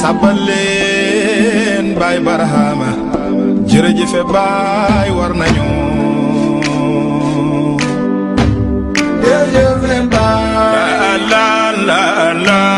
sabbal leen baay barahama jërëjëfe baay war nañu la la la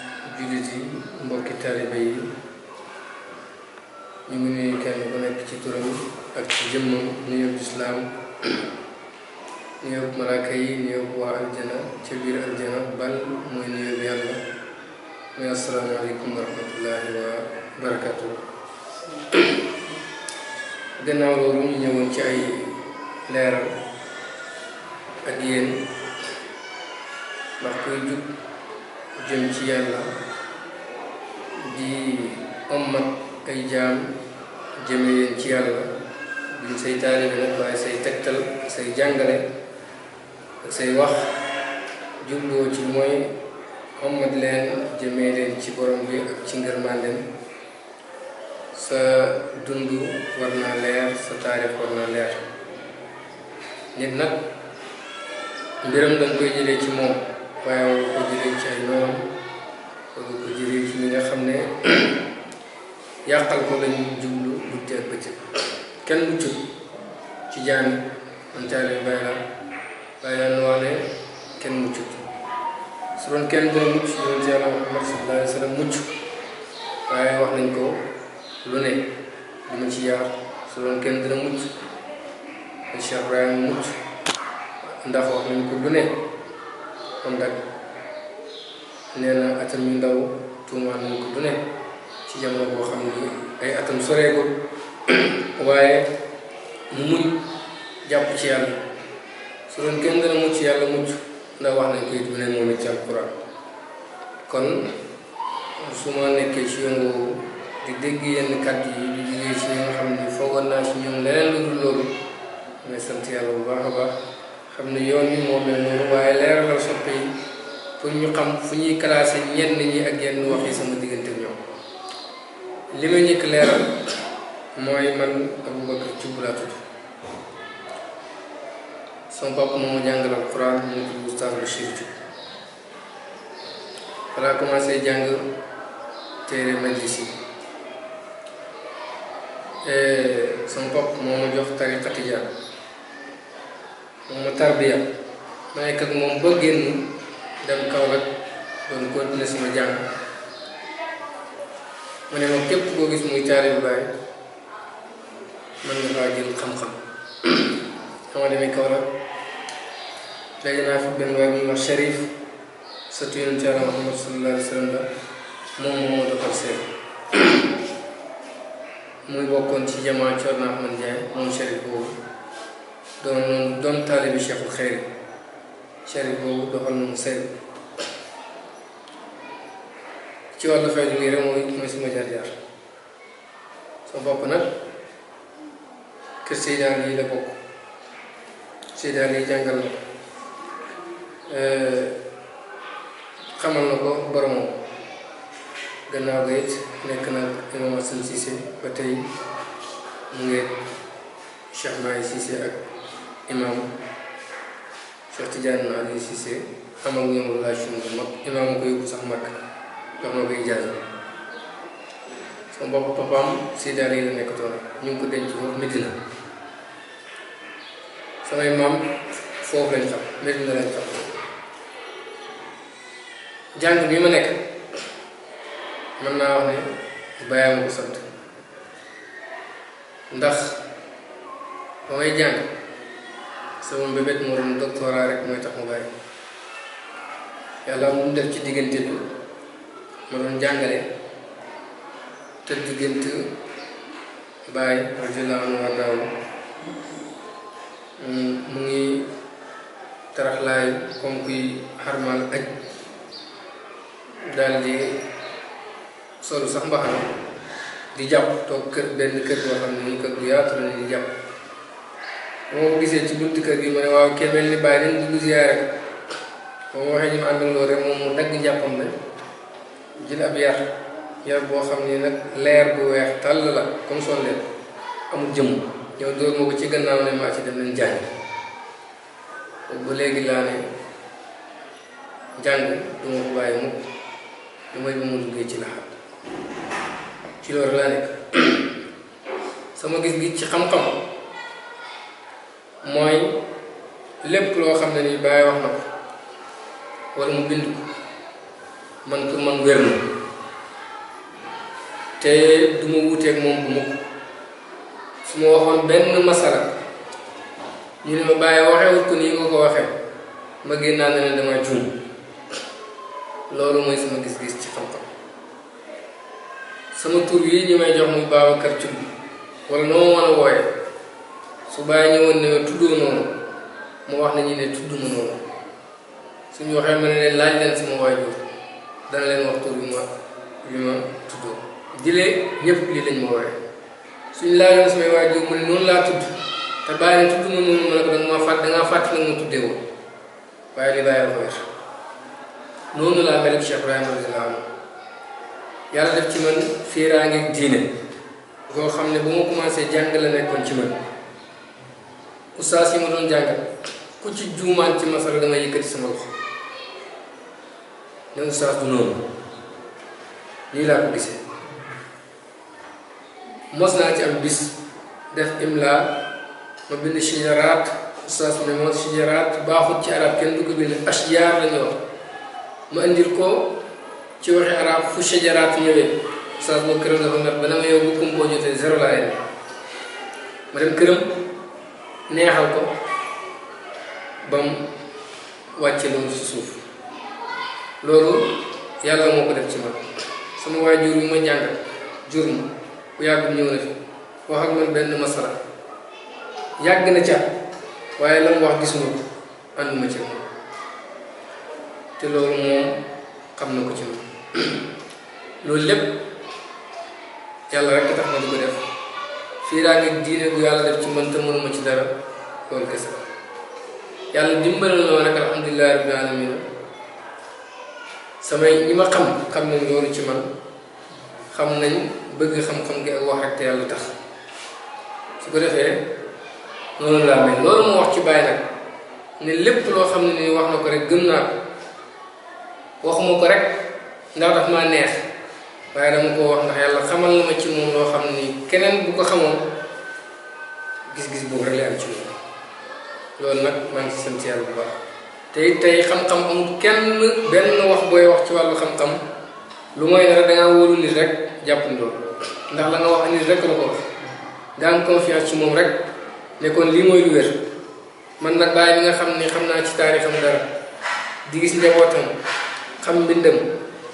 jullit yi mbokki taalibe yi ñu ngi nuyu kenn ku nekk ci turam ak ci jëmmam nuyoo lislaam nuyoo malaaka yi nuyoo waa aljana ci biir aljana bal mooy nuyoo yàlla muy asalaamaaleykum wa rahmatullahi wa barakatu gannaaw ñu ñëwoon ci ay leeral ak yéen ndax kuy jub jëm ci yàlla di ommat ay jaam jëme leen ci yàlla duñ say taalibe nag waaye say tegtal say jàngale ak say wax jubloo ci mooy ommat leen jëme leen ci borom bi ak ci ngërmandem sa dund war naa leer sa taarix war naa leer nit nag mbiram dañ koy jëlee ci moom waaye war ko jëlee ci ay noonu mu ko jëlee ci ñi nga xam ne yàqal ko lañ jublu guddi ak bëccëg kenn muccut ci jaan man caaleen bàyyi laa bàyyi laa nu wax ne kenn muccut su doon kenn dina mucc yonent yàlla waaye wax nañ ko lu ne ci yaar su doon kenn dina mucc Cheikh Ibrahima mucc ndax wax nañ ko lu ne kon nag nee na ndaw tuumaan nañ ko du ci jamono boo xam ne ay atam soreegul waaye mu muñ jàpp ci yàlla su doon kenn dana mucc yàlla mucc ndax wax nañ ko it bu ne ci alquran kon su ma nekkee ci yoon woowu di dégg yenn kàddu yi di jugee ci ñi nga xam ne foogoon naa ci ñoom leneen lu dul loolu mais sant yàlla bu baax a baax xam ne yoon yi moo mel noonu waaye leeralal soppe yi pour ñu xam fu ñuy classé ñenn ñi ak yenn wax yi sama diggante ñoom li ma njëkk leeral mooy man Aboubacar mu ngi tudd Oustaz Bachir Thioub balaa commencé jàng téere majlis yi eh, ma jox tariqa tijaan moo ma tarbiya ma nekk moom ba génn dem kaw Kaolack doon continuer sama jàng ma ne ma képp koo gis muy taalibu Baay mën nga faa jël xam-xam xama demee rek léegi naa fi benn waay bu ñuy wax Sharif sëtu Yonent Yàlla Muhammad sallallahu alayhi wa sallam la moom moo defal seet muy bokkoon ci jamaa Coor naa man Njaay moom Sharif boobu doon doon taalibu Cheikhul Xeyri chérif boobu doxal na mu sell ci wàllu faydu nii rek mooy mooy suma jaar-jaar sama bopp nag kër Seydaan yi la bokk Seydaan yi jàngal na xamal na ko boromam gannaaw ga nekk nag imam Assane Cissé tey mu ngi Cheikh Mahi ak imam Cheikh Tidiane Aliou Cissé am ak ñoom relation bu ko yóbbu sax mag jox na ko ijaaza sama bopp foofu Medina samay maam foofu jàng bi ma nekk mën naa wax ne bàyyi ma ko sant ndax ba may jàng sama mbébét mo doon doctorat rek mooy tax mu bàyyi yàlla mu def ci diggante bi ma doon jàngale te diggante bàyyi radiallahu anhu warnaaw mu ngi tarax taraxlaay comme kuy xarmal aj daal di solu sax mbaxana di jàpp toog kër benn kër boo xam ne ni kër bu yaatu la di jàpp moo gisee ci buntu kër gi ma ne waaw kii mel ni bàyyi nañ dugg ziyaare ko moom waxee ñu rek moom mu dagg njàppam la jël ab yar yar boo xam ne nag leer bu weex tàll la comme sondeel amul jëmm ñëw dóor ci gannaaw ne maa ci dem leen jàng ba léegi laa ne jàng du ko bàyyi mukk lu may ba mu duggee ci laxaat ci loolu laa nekk sama gis-gis ci xam-xam mooy lépp loo xam ne ni bàyyi wax na ko wala mu bind ko man pour man wér na te du ma wuuteeg moom bu mukk su ma waxoon benn masala ñu ne ma bàyyi waxewut ko nii nga ko waxee ma génnaa ne ne dama juum loolu mooy sama gis-gis ci xam-xam sama tur yi ñu may jox muy Babacar Thioub wala noo mën a wooyee su bàyyi ñëwoon ne tuddoo noonu mu wax nañu ne tudd ma noonu suñu waxee ma ne leen laaj leen sama waajur dana leen wax tur ma bi ma tuddoo jëlee ñëpp lii lañ ma woowee suñu laajoon samay waajur mu ne noonu laa tudd te bàyyi ne tudd ma noonu ma ne ko danga ma fàtt dangaa fàtt nag tuddee woon waaye li bàyyi wax noonu laa mel ak Cheikh Ibrahima radiyallaahu anhu yàlla def ci man fiiraange diine koo xam ne bu ma commencé jàng la nekkoon ci man ustaas yi ma doon jàngal ku ci juumaan ci masala dama yëkkati sama loxo ne ustaas du noonu nii laa ko gisee mos naa ci am bis def imlaa ma bind shijaraat ustaas mu ne ma shijaraat baaxut ci arab ma indil ko ci waxi arab fu shijaraat ñëwee ustaas boo këram dafa mer ba dama yow bu kumboo jotee zéro laa yem ma dem këram neexal ko ba mu wàcce loolu si suuf loolu yàlla moo ko def ci man sama waajur yu ma jàngal jur ma bu yàgg ñëw na fi wax ak man benn masala yàgg na ca waaye la mu wax gisuma ko ànduma ci moom te loolu moom xam na ko ci moom loolu lépp yàlla rekk tax ma di def fiiraange diine bu yàlla def ci man te mënuma ci dara loolu kese yàlla dimbale na nag alhamdulilah rabbil alamin samay ñi ma xam xam nañ loolu ci man xam nañ bëgg xam-xam gi ak wax rek te yàlla tax su ko defee noonu laa mel loolu wax ci bàyyi nag ne lépp loo xam ne ni wax na ko rek gëm naa ko waxuma ko rek ndax daf maa neex waaye dama ko wax ndax yàlla xamal na ma ci moom loo xam ni keneen bu ko xamoon gis-gis boobu rek ci moom loolu nag maa ngi si yàlla bu baax tey tey xam-xam amul kenn benn wax booy wax ci wàllu xam-xam lu mooy ne rek da ngaa wóolu nit wax nit rek la ko moom rek ne lii mooy lu wér man nag bàyyi bi nga xam ni xam naa ci taarixam dara di gis njabootam xam mbindam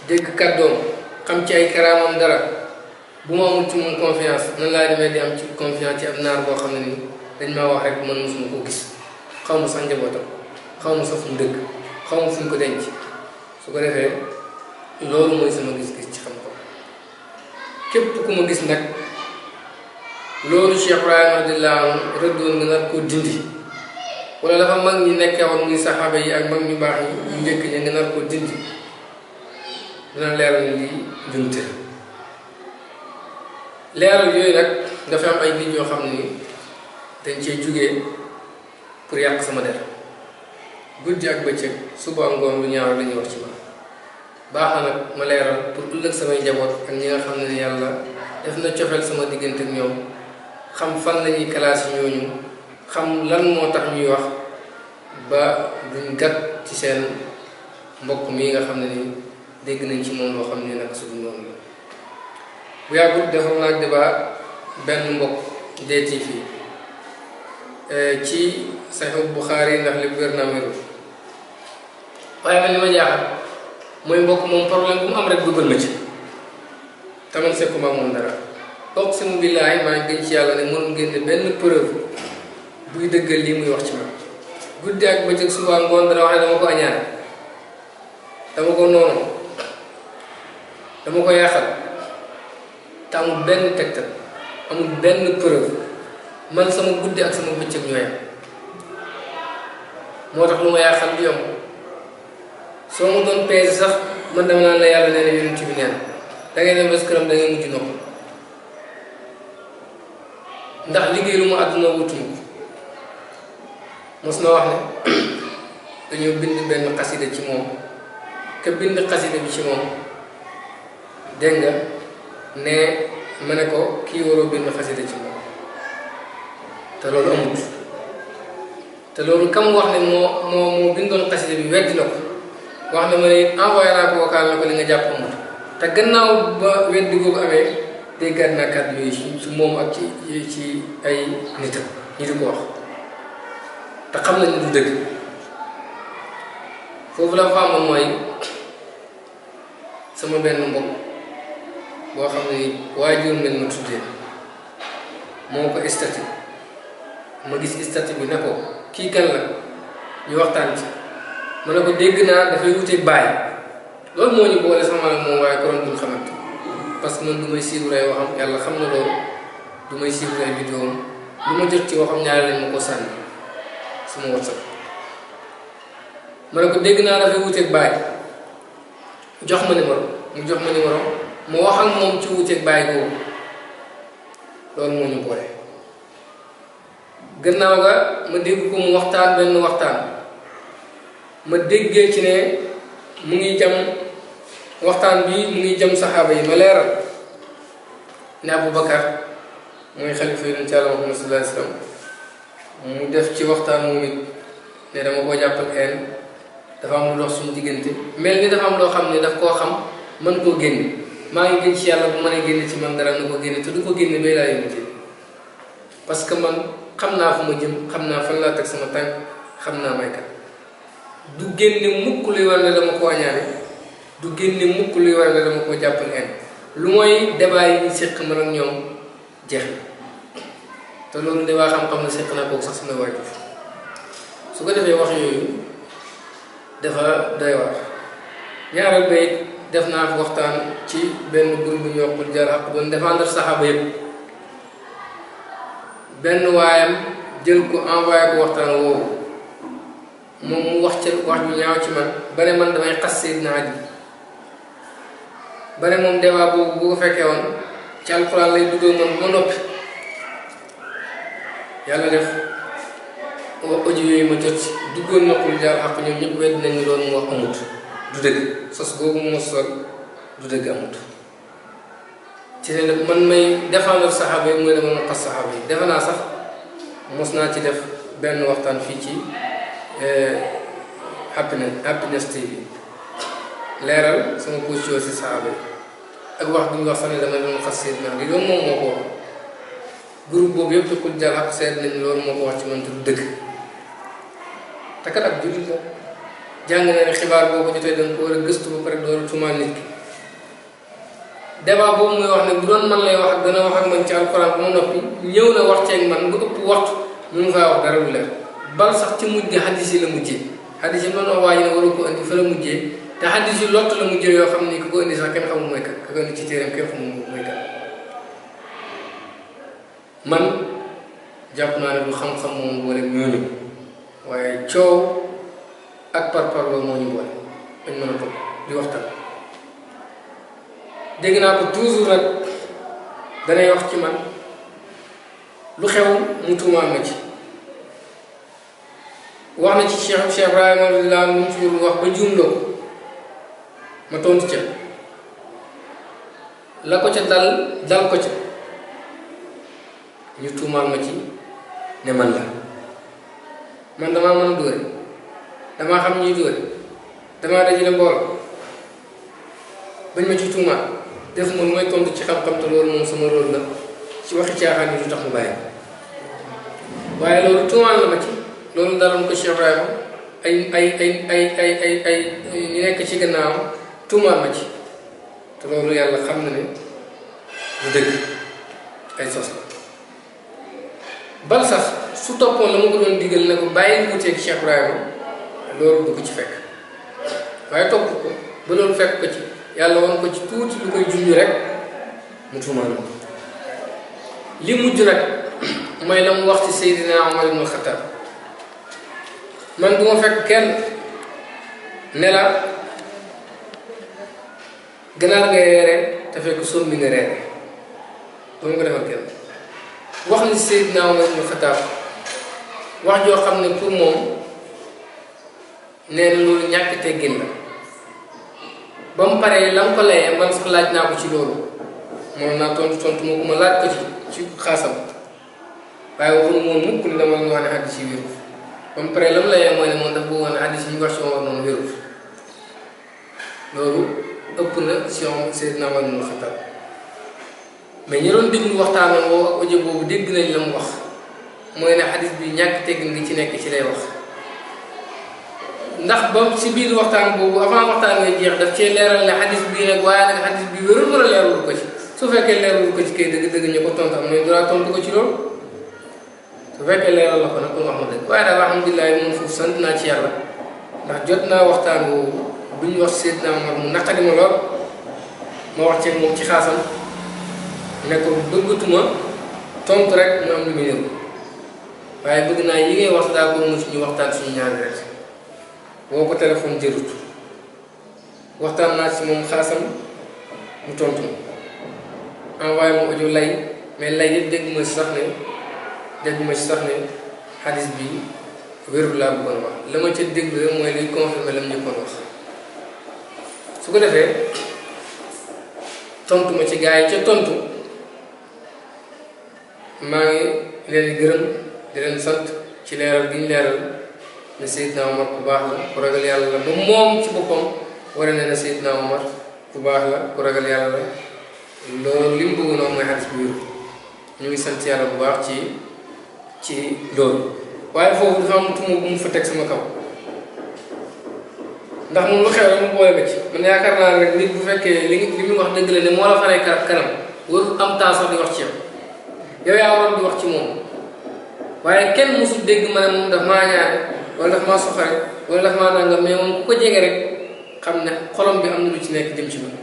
dégg kàddoom xam ci ay karaamam dara bu ma amul ci moom confiance nan laa demee di am ci confiance ci ab naar boo xam ne nii dañ maa wax rek man mosuma ko gis xaw ma sax njabootam xaw ma sax fu mu dëkk xaw ma fu ko denc su ko defee loolu mooy gis-gis ci xam-xam képp ku ma gis nag loolu Cheikh Ibrahima nga nag koo dindi wala dafa mag ñi nekkee woon muy saxaaba yi ak mag ñu baax ñi ñu njëkk ña nga nag koo dindi dana leeral li junte leeral yooyu nag dafa am ay nit ñoo xam ni dañ cee jugee pour yàq sama der guddi ak bëccëg suba ngoon lu ñaar lu ñuy wax ci man baax na nag ma leeral pour ëllëg samay njaboot ak ñi nga xam ne yàlla def na cofeel sama diggante ak ñoom xam fan la ñuy classe ñooñu xam lan moo tax ñuy wax ba duñ gat ci seen mbokk mi nga xam ne nii dégg nañ ci moom loo xam ne nag suñu noonu la bu yàggul defoon naa débat benn mbokk DTV eh, ci Sahih Bukhari ndax li wér naa wérul waaye man li ma jaaxal mooy mbokk moom problème bu mu am rek dugal ma ci te man sekkuma moom dara benn preuve buy dëggal lii muy wax ci man guddi ak bëccëg suba ngoon dana wax ne dama ko añaan dama ko noonu dama ko yaaxal te amul benn tegtal amul benn preuve man sama guddi ak sama bëccëg ñooyam moo tax lu ma yaaxal du yomb soo ma doon peese sax man dama naan la yàlla nee na yonent bi nee na da ngay këram da ngay mujj ndax liggéey lu mu àdduna wutuma ko mos na wax ne dañoo bind benn xasida ci moom ke bind xasida bi ci moom dégg nga ne ma ne ko kii waroo bind xasida ci moom te loolu amut te loolu kam wax ne moo moo moo bindoon xasida bi weddi na ko wax ne ma ne envoyé naa ko vocal na ko li nga jàpp amut te gannaaw ba weddi googu amee déggaat naa kàddu yooyu ci moom ak ci ci ay nitam ñi di ko wax te xam nañu du dëgg foofu la fa amoon mooy sama benn mbokk boo xam ne waajur lañ ma tuddee moo ko statut ma gis statut bi ne kii kan la ñu waxtaan ci ma ne ko dégg naa dafay wute baay loolu moo parce que man du may siiw rey waxam du may siiw rey vidéom lu ma jot lañ ma ko sànni sama whatsapp ma ne ko dégg ma numéro mu wax ak moom ci wuuteeg bàyyi googu loolu moo ñu boole gannaaw ga ma dégg ko mu waxtaan benn waxtaan ma déggee ci ne mu ngi jam waxtaan bi mu ngi jam saxaaba yi ma leeral ne Abu Bakar mooy xalifa yonent Yàlla Muhammad mu def ci waxtaan moom it ne dama koo jàppal xeen dafa am lu dox suñu diggante mel ni dafa am loo xam ne daf koo xam mën koo génne maa ngi gën ci yàlla bu mën a génne ci man dara na ko génne te du ko génne bay laa yóbbu parce que man xam naa ko ma jëm xam naa fan laa teg sama tànk xam naa may kat du génne mukk luy war ne dama ko añaane du génne mukk luy war ne dama koo jàpp ngeen lu mooy débat yi ñu séq man ak ñoom jeex te loolu débat xam-xam la séq naa kooku sax sama waajur su ko defee wax yooyu dafa doy waar ñaareel ba def naa fi waxtaan ci benn groupe bu ñuy wax bul jar ak doon défendre saxaaba yëpp benn waayam jël ko envoyé ko waxtaan woowu moom mu wax ca wax ñu ñaaw ci man ba ne man damay xas Seydina Ali ba ne moom débat boobu bu ko fekkee woon ci alxuraan lay duggoo man bu noppi yàlla def audio yi ma jot duggoon na bul jar ak ñoom ñëpp wedd nañu loolu mu wax amut du dëgg sos boobu moo sol du dëgg amut ci ne man may défendre saxaaba yi mooy dama na xas saxaaba yi defe naa sax mos naa ci def benn waxtaan fii ci happiness eh, happiness TV leeral sama position si saxaaba yi ak wax bi ñu wax sax ne dama doon xas seet naa loolu moom moo ko wax groupe boobu yëpp te ku jàll ak seet nañ loolu moo ko wax ci man te du dëgg te kat ab jullit jàng na ne xibaar boo jotee da nga ko a gëstu ba pare door a tuumaal nit ki débat boobu muy wax ne bu doon man lay wax ak dana wax man ci alxuraan ba mu noppi ñëw na wax ceeg man nga ëpp waxtu mu faa wax dara lu leer bal sax ci la mujjee ji ne waru ko indi fa la mujjee te xadis yi la mujjee yoo xam ni ku ko indi sax kenn xamul mooy kat ku ko ci téeram kenn xamul man jàpp naa ne du xam-xam moom wala ñooñu waaye coow. ak par parloo moo ñu boole dañ mën a toog di waxtaan dégg naa ko toujours nag danay wax ci man lu xew mu tuumaan ma ci wax na ci Cheikh Cheikh Ibrahima laa mu ci wax ba juumloo ko ma tontu ca la ko ca dal dal ko ca ñu tuumaan ma ci ne man la man damaa mën a damaa xam ñuy dóore damaa dajale mbooloo bañ ma ci tuumaat def ma mooy tontu ci xam-xam te loolu moom sama rôle la ci waxi caaxaan yi du tax mu bàyyi waaye loolu tuumaat la ma ci loolu daloon ko ci gannaawam ma ci te loolu yàlla xam na ne du dëgg ay sos la bal sax su toppoon la ma ko doon digal ne ko bàyyi wuuteeg Cheikh Ibrahima loolu du ko ci fekk waaye topp ko ba loolu fekk ko ci yàlla woon ko ci tuuti lu koy junj rek mu tuumal ko li mujj nag mooy la mu wax ci Seydina Omar ibn Xattaab man du ma fekk kenn la nga reere te fekk soom nga reere wax joo xam ne pour moom nee na loolu ñàkk teggin la ba mu paree la man sax laaj naa ko ci loolu moom naa tontu tontu moo ko ma laaj ko ci ci xaasam waaye waxul moom mukk la ma ñu wax ne hadiis yi wérul ba mu paree la mu layee mooy ne moom dafa bëggoon hadiis yi ñu wax si moom noonu wérul na boobu dégg nañ la mu wax mooy ne hadiis bi ñàkk teggin gi ci nekk ci lay wax. ndax ba si biir waxtaan boobu avant waxtaan ngay jeex daf cee leeral ne xadis bii rek waaye nag xadis bi wérul wala leerul ko ci su fekkee leerul ko ci kay ko tontu am su fekkee leeral la ko nag kon wax ma waaye daal alhamdulilah moom sant naa ci yàlla ndax jot naa waxtaan boobu bu ñu wax seet naa ma mu naqari ma lool ma wax ceeb moom ci xaasam ne ko bëggatuma tontu rek ñu am lu muy nëb waaye bëgg naa yi wax daa ko mos ñu waxtaan suñu ñaari rek. woo ko téléphone jërut waxtaan naa ci moom xaasam mu tontu lay mais lay yëpp dégguma ci sax ne dégguma bi wérul laa la ma ca déglu mooy liy confirmé la mu ko defee ci gars yi ca tontu maa ngi leen di gërëm di leen sant ci leeral gi ñu leeral ne Seydina Omar ku baax la ku ragal yàlla la ba moom ci boppam war na ne Seydina Omar ku baax la ku ragal yàlla la loolu li mu bëgg noonu mooy xadis bu wér ñu ngi sant yàlla bu baax ci ci loolu waaye foofu dafa am tuuma mu fa teg suma kaw ndax moom lu xew rek mu boole ba ci man yaakaar naa rek nit bu fekkee li li muy wax dëgg la ne moo la xaree kanam kanam warul am temps sax di wax ci yow yow yaa waroon di wax ci moom waaye kenn mosul dégg ma ne moom maa ñaare wala daf maa soxore wala daf maa nangam mais moom ku ko jege rek xam ne xolom bi am na lu ci nekk jëm ci man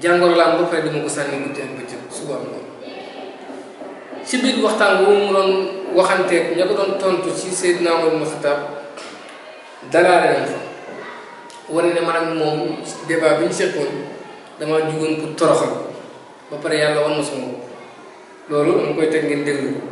jàngoro laa ba pare dama ko sànni guddi ak bëccëg waxtaan boobu mu doon waxanteeg ña ko doon tontu ci Seydina fa wane ne man ak moom débat bi ñu seqoon damaa jugoon pour toroxal ba pare yàlla wan ma loolu am koy teg ngeen déglu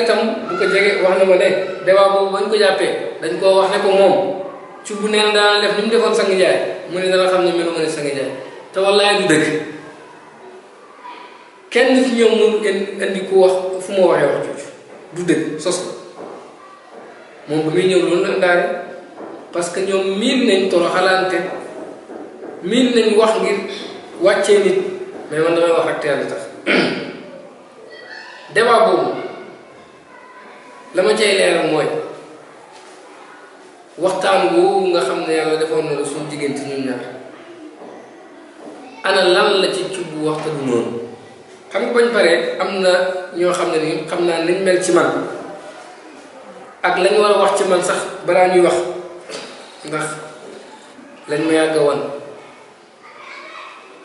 xaritam bu ko jege wax na ma ne débat boobu bañ ko jàppee dañ koo wax ne ko moom ci bu neen daan def ni defoon sang njaay mu ne dana xam ne melu ma ne sang njaay te wallaay kenn fi ñëw mënu kenn wax fu ma waxee wax jooju du que ñoom miin nañ tolo xalaante miin nañ wax ngir wàccee nit mais man damay wax ak teel tax débat boobu la ma cay leeral mooy waxtaan woowu nga xam ne yàlla defoon na la jigéen ci ñun ñaar ana lan la ci cubb waxta du noonu xam nga bañ paree am na ñoo xam ne nii xam naa nañ mel ci man ak lañ war a wax ci man sax balaa ñuy wax ndax lañ ma yàgg a wan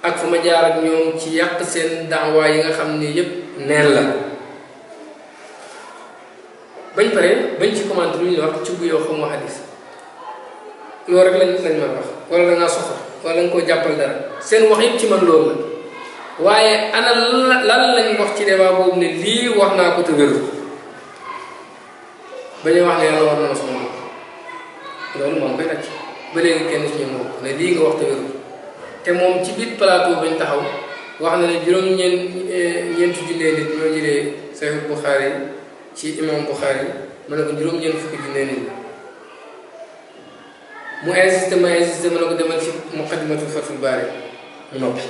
ak fu ma jaar ak ñoom ci yàq seen daawaay yi nga xam ni yépp neen la bañ pare bañ ci commenté lu ñuy wax ci bu yoo xam ma xadis rek lañ lañ mën wax wala da ngaa soxla wala nga koo jàppal dara seen wax yëpp ci man loolu la waaye ana lan lañ wax ci débat boobu ne lii wax naa ko te wéru bañu wax ne yàlla na ma loolu moom ba léegi kenn ci lii nga wax te te moom ci biir plateau bañ taxaw wax na ne juróom ñeent eh, ñeenti junni nit ñoo jëlee Sahih Bukhari ci imam Buxaari ma ne ko juróom-ñeent fukki junne nii mu insisté ma insisté ma ne ko demal ci muqaddimatu Fathul Baari mu noppi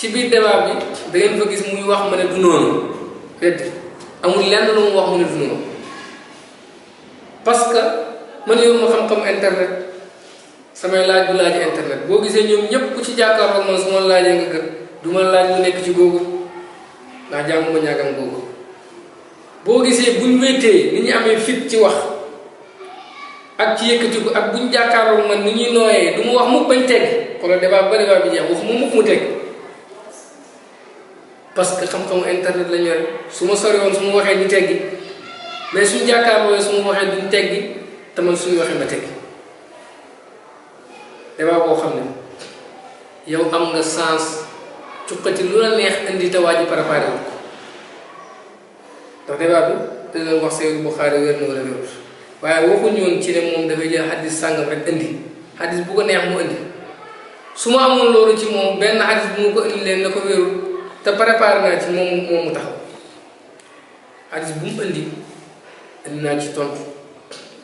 ci biir débat bi da ngeen fa gis muy wax ma ne du noonu amul lenn lu mu wax mu ne du noonu que man yow ma xam-xam internet samay laaj bu laaj internet boo gisee ñoom ñëpp ku ci jàkkaarloo man su ma laajee nga gën laaj mu nekk ci googu ndax jànguma ñàkkam googu boo gisee buñ wéetee ni ñu amee fit ci wax ak ci yëkkatiku ak buñ jàkkaarloo man ni ñuy nooyee du mu wax mukk bañ tegg xoolal débat ba débat bi jeex waxuma mukk mu tegg parce que xam-xamu internet la ñor su ma sori woon su ma waxee ñu teggi mais suñ jàkkaarloo su ma waxee duñ teggi te man suñu waxee ma teggi débat boo xam ne yow am nga sens cuqati lu la neex indi te waa ji préparé wu ko ndax débat bi dina wax Sahih Bukhari wér na wala wérut waaye waxuñu woon ci ne moom dafay jël xadis sàngam rek indi xadis bu ko neex mu indi su ma amoon loolu ci moom benn xadis bu mu ko indi leen na ko wérul te préparé naa ci moom moom mu taxaw xadis bu mu indi indi naa ci tontu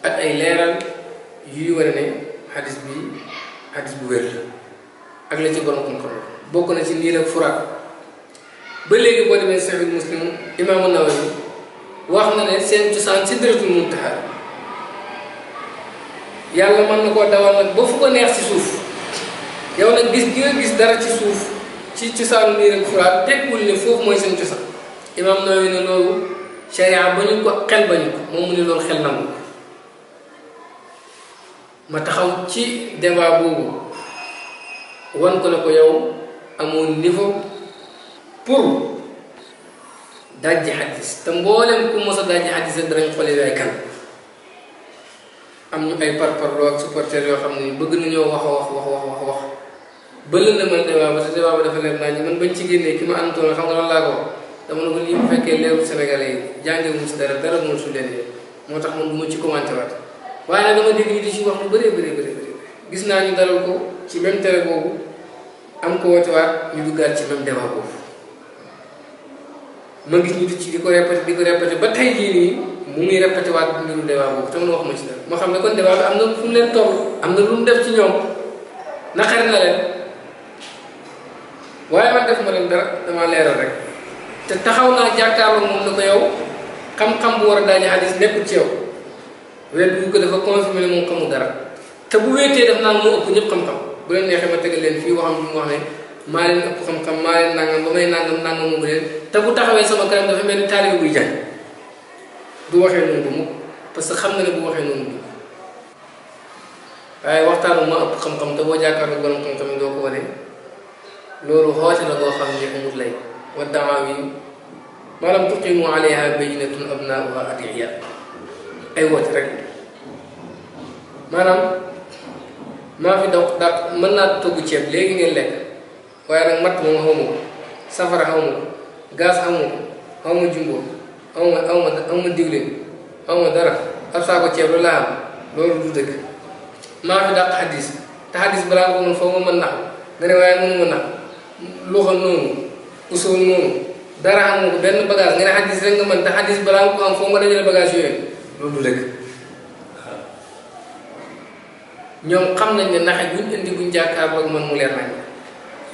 ak ay leeral yuy wane ne xadis bi xadis bu wér la ak la ci borom xam bokk na ci niil ak furaat ba léegi boo demee sahih muslim imaamu nawawi wax na ne seen cosaan sidratul muntaha yàlla mën na koo dawal nag ba fu ko neex ci suuf yow nag gis gi nga gis dara ci suuf ci cosaanu niil ak furaat tekkul ne foofu mooy seen cosaan imaam nawawi ne loolu sharia ba ñu ko xel ba moom mu ne loolu xel nangu ko ma taxaw ci débat boobu wan ko ne ko yow amoo niveau pour dajji xadis te mboolem ku mos a dajji xadis danañ xoolee yaay kan am ñu ay parparloo ak supporters yoo xam ne bëgg nañoo wax a wax wax wax wax wax ba la man débat ba te débat ba dafa naa man bañ ci génnee ki ma àndoon xam nga lan laa ko dama ne ko lii bu fekkee leeru Sénégalais yi jàngee mu si dara dara mu su leen moo tax man du ci commenté waat waaye nag dama dégg ñu di ci wax lu bëree bëri bëri gis naa ñu dalal ko ci même télé am ko wootewaat ñu duggaat ci même débat ma gis ñu di ci di ko répété di ko répété ba tey jii nii mu ngi répété waat mbiru débat boobu te mun wax ma ci dara xam ne ko débat bi am na fu mu leen toll am na lu mu def ci ñoom naqari na leen waaye man def ma dem dara damaa leeral rek te taxaw naa jàkkaarloo moom ne ko yow xam-xam bu war a daañu hadis nekkul ci yow wet bu ko dafa confirmé ne moom xamul dara te bu wéetee daf naan moo ëpp ñëpp xam-xam bu leen neexee ma tegal leen fii waxam ñu mu wax ne maa leen ëpp xam-xam maa leen nangam ba may nangam nangam mu leen te bu taxawee sama kanam dafa mel ni taalibe buy jaay du waxee noonu ba mukk parce que xam na ne bu waxee noonu du waaye waxtaanu ma ëpp xam-xam te boo jàkkaarloo borom xam-xam yi doo ko wane loolu xoote la boo xam ne amul lay wa dawaawi maanaam tuqimu alayha bayinatun abnaaha adiya ay woote rek maanaam maa fi dox dàq mën naa togg ceeb léegi ngeen lekk waaye nag matt moom xaw ma ko safara xaw ma ko gaz xaw ma jumbo xaw ma xaw ma ma dara ab saako ceeb la laa am loolu du dëgg maa fi dàq te xadis balaa nga ko mën foofu ma mën nax nga ne waaye mënu ma nax luxa noonu mën te xadis balaa nga ko du dëgg ñoom xam nañ ne naxe buñ indi buñ jàkkaarloo ak man mu leer nañ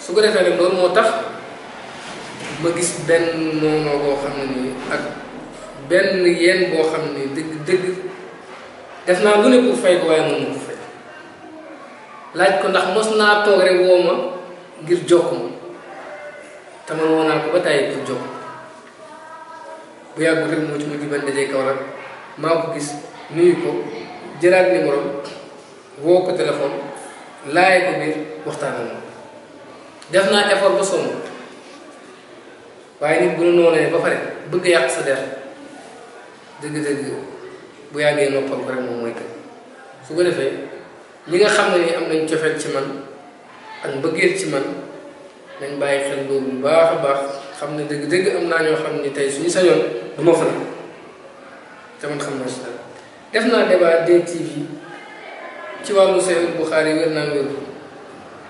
su ko defee nag loolu moo tax ma gis benn noonoo boo xam ne nii ak benn yenn boo xam ne dëgg dëgg def naa lu ne pour fay ko waaye mënu ko fay laaj ko ndax mos naa toog rek woo ma ngir jox ma te man ko ba tàyyi pour jokk bu yàggu rek moo ci mujj ban dajee kaw rek maa ko gis nuyu ko jëlaat numéro woo ko téléphone laaye ko biir waxtaan ak moom def naa effort ba sonn waaye nit bu nu noonee ba pare bëgg yàq sa der dëgg-dëgg bu yàggee noppal ko rek moom mooy kër su ko defee ñi nga xam ne ni am nañ cofeel ci man ak mbëggeel ci man nañ bàyyi xel boobu bu baax a baax xam ne dëgg-dëgg am naa ñoo xam ni tey suñu sañoon du ma fa te man xam naa si dara def naa débat DTV ci wàllu Sahih Bukhari wér naa wér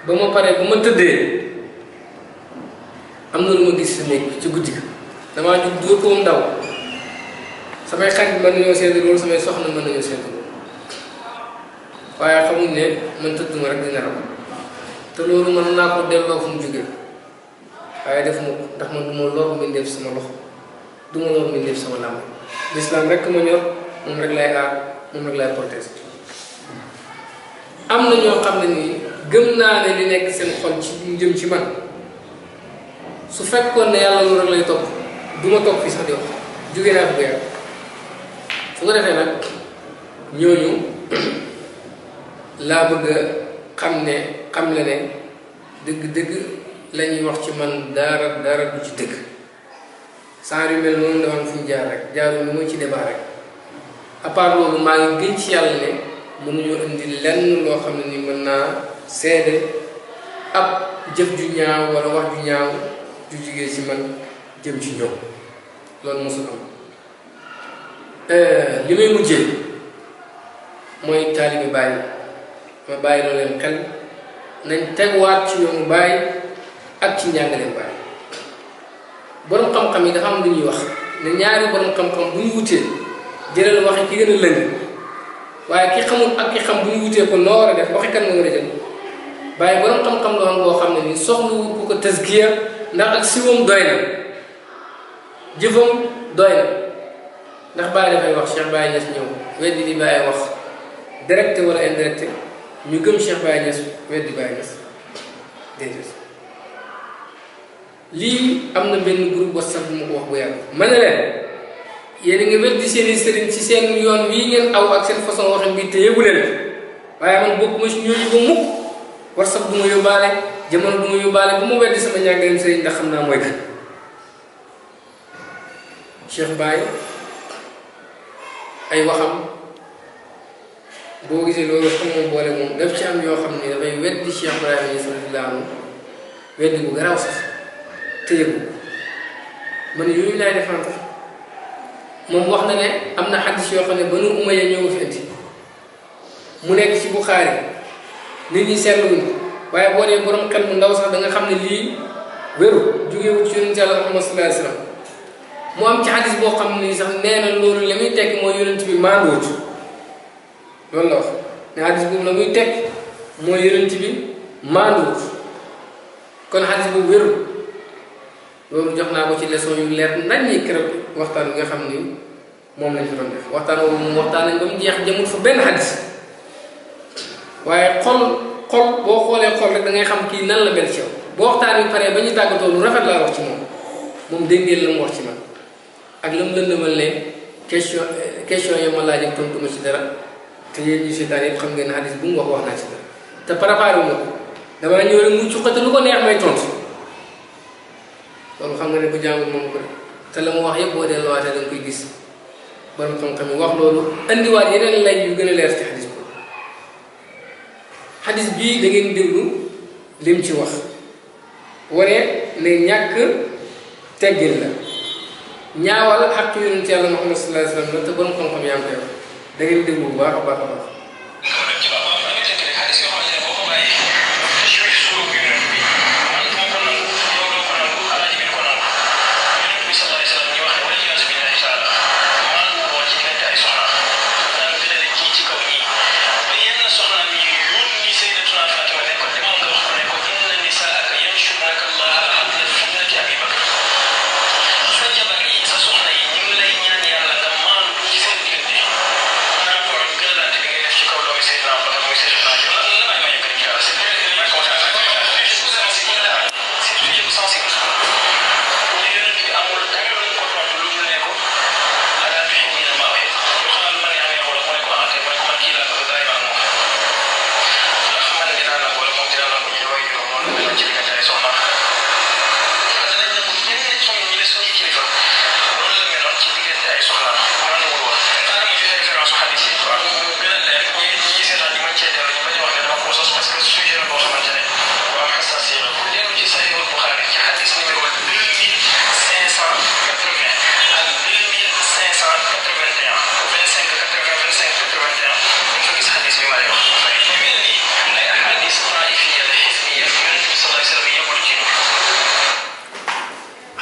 ba ma paree ba ma tëddee am na lu ma gis si néeg ci guddi ga damaa jug dóor ko ndaw samay xarit mën nañoo seetlu loolu samay soxna mën nañoo seetlu loolu man tëdduma rek dina raw loolu mën naa ko delloo fu mu jógee waaye def ma ko ndax man du ma lor mi def sama loxo du ma lor mi def sama làmb lislaam rek ma ñor moom rek lay aar moom rek lay protéger am na ñoo xam ne nii gëm naa ne li nekk seen xol ci ñu jëm ci man su fekkoon ne yàlla lu rek lay topp du ma fii sax di wax jóge naa bu yàgg su ko defee nag ñooñu laa bëgg xam ne xam la ne dëgg-dëgg la ñuy wax ci man dara dara du ci dëgg saa yu mel noonu dafa am fu ñu jaar rek jaaru ñu mooy ci débat rek à loolu maa ngi gën ci yàlla ne mënuñoo indi lenn loo xam ne ni mën naa seede ab jëf ju ñaaw wala wax ju ñaaw ju jigéen ci man jëm ci ñoom loolu mosul am euh, li may mujjee mooy taalibi bàyyi ma bàyyi loo leen xel nañ tegwaat ci yoonu bàyyi ak ci njàngaleen bàyyi borom xam-xam yi dafa am lu ñuy wax ne ñaari borom xam-xam bu ñu wutee jëlal waxi ki gën lëng waaye kii xamul ak ki xam bu ñu wutee ko noo def waxi kan nga war a jël waaye borom xam-xam la woon boo xam ne nii soxlu ku ko tazkiya ndax ak siwam doy na jëfam doy na ndax Baye dafay wax Cheikh Baye Niass ñëw weddi di Baye wax direct wala indirect ñu gëm Cheikh Baye Niass weddi Baye Niass déedéet lii am na benn groupe WhatsApp bu ma ko wax bu yàgg ma yéen a ngi weddi seen i sëriñ ci seen yoon wii ngeen aw ak seen façon waxin bi te yëgu leen waaye man bokkuma si ñooñu ba mukk whatsapp du yóbbaale jamono du yóbbaale bu ma weddi sama njàngaleem sëriñ ndax xam naa mooy kan Cheikh ay waxam boo gisee loolu xam boole moom daf ci am yoo xam ne dafay weddi Cheikh Ibrahima Niass radiyallaahu anhu weddi bu garaaw sax te yëgu man yooyu laay defante. moom wax na ne am na xaddis yoo xam ne banu umaya ñoo fi indi mu nekk ci buxaari nit ñi seetluwuñ waaye boo nee borom xel mu ndaw sax da nga xam ne lii wéru jógeewul ci yonent yàlla Muhammad sallallahu am ci xaddis boo xam ne sax nee na loolu la muy tekk mooy yonent bi loolu la wax ne xaddis boobu la bi maanduwut kon xaddis boobu wéru loolu jox naa ko ci leçon yu leer nañ ñi kërëb waxtaan bi nga xam ni moom lañ fi doon def waxtaan boobu jeex jëmul fa benn waaye xol boo xoolee xol rek da ngay xam kii nan la mel boo waxtaan bi paree ba ñu tàggatoo lu moom moom dégg ngeen la mu wax la mu lëndëmal ne question question yi ma laaj ak tontu ma ci dara te yéen ñu seetaan yëpp xam ngeen ne xadis bu mu wax wax naa ci dara te préparé wu ma ko dama ñëw rek mu cuqate lu ko neex may tontu. loolu xam nga ne bu jàngul moom ko te la mu wax yëpp boo delluwaatee da nga koy gis borom xam-xam yi wax loolu andiwaat yeneen lay yu gën a leer ci xadis boobu xadis bii lim ci wax wane ne ñàkk teggin la ñaawal xaq yonent yàlla Muhammad sallallahu alayhi wa sallam la te borom xam-xam yaa ngi wax da ngeen déglu bu baax baax a baax.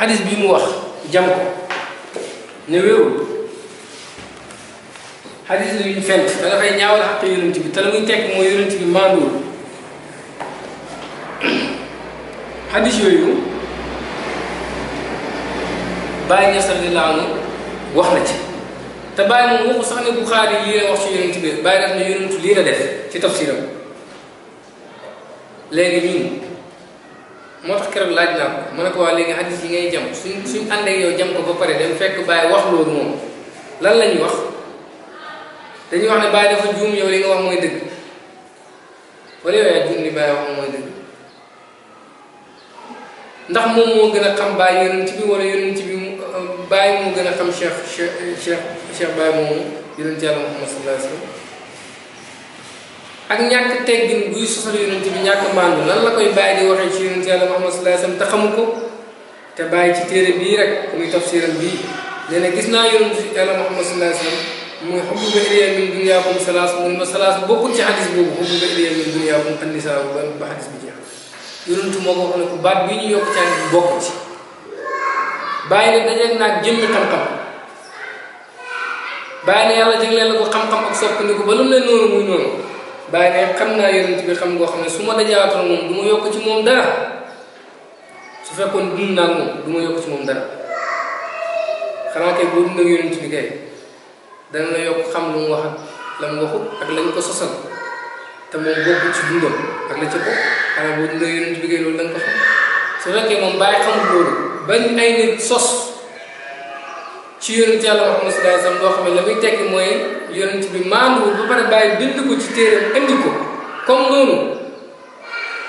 حديث بيمو واخ جامكو نويو حديث لي فنت دا لا فاي نياول حق يونت بي تلا موي تيك مو يونت بي مانول حديث يويو باي نيا صلى الله عليه واخنا تي تا باي مو وخو صاحني البخاري يي واخ سي يونت بي باي رات ني يونت لي لا ديف سي تفسيرم لغي مين moo tax keroog laaj naa ko mu ne ko waa léegi xadis yi ngay jam suñ suñ àndee yow jam ko ba pare dem fekk bàyyi wax loolu moom lan lañuy wax dañuy wax ne bàyyi dafa juum yow li nga wax mooy dëgg wala yow yaa juum li bàyyi wax gën a xam bàyyi yonent bi wala yonent bi bàyyi moo gën a xam cheikh cheikh cheikh bàyyi moomu yonent yàlla Muhammad ak ñàkk teggin buy soxal yonent bi ñàkk màndu lan la koy bàyyi di waxee ci yonent yàlla Muhammad sallallahu te xamu ko ci téere bii rek muy tafsiram bii gis naa yonent yàlla Muhammad sallallahu alayhi wasallam mooy xubbu ba bi ñu yokk ci xadis bokk ci bàyyi ne dajeeg naag jëmmi xam-xam bàyyi ne yàlla jagleel la ko xam-xam ak sopp ni ko ba lu mu ne noonu muy noonu bàyyi ne xam naa yonent bi xam ngoo xam ne su ma dajaatoon moom du yokk ci moom dara su fekkoon dund naa ma yokk ci moom dara xanaa kay la yokk xam lu mu wax ak la mu waxut ak lañ ko sosal fekkee moom bàyyi xamul loolu bañ ay nit sos ci yonent yàlla Muhammad sallallahu alayhi wasallam loo xam ne la muy tekki mooy yonent bi maanduwul ba pare bàyyi bind ko ci téeram indi ko comme noonu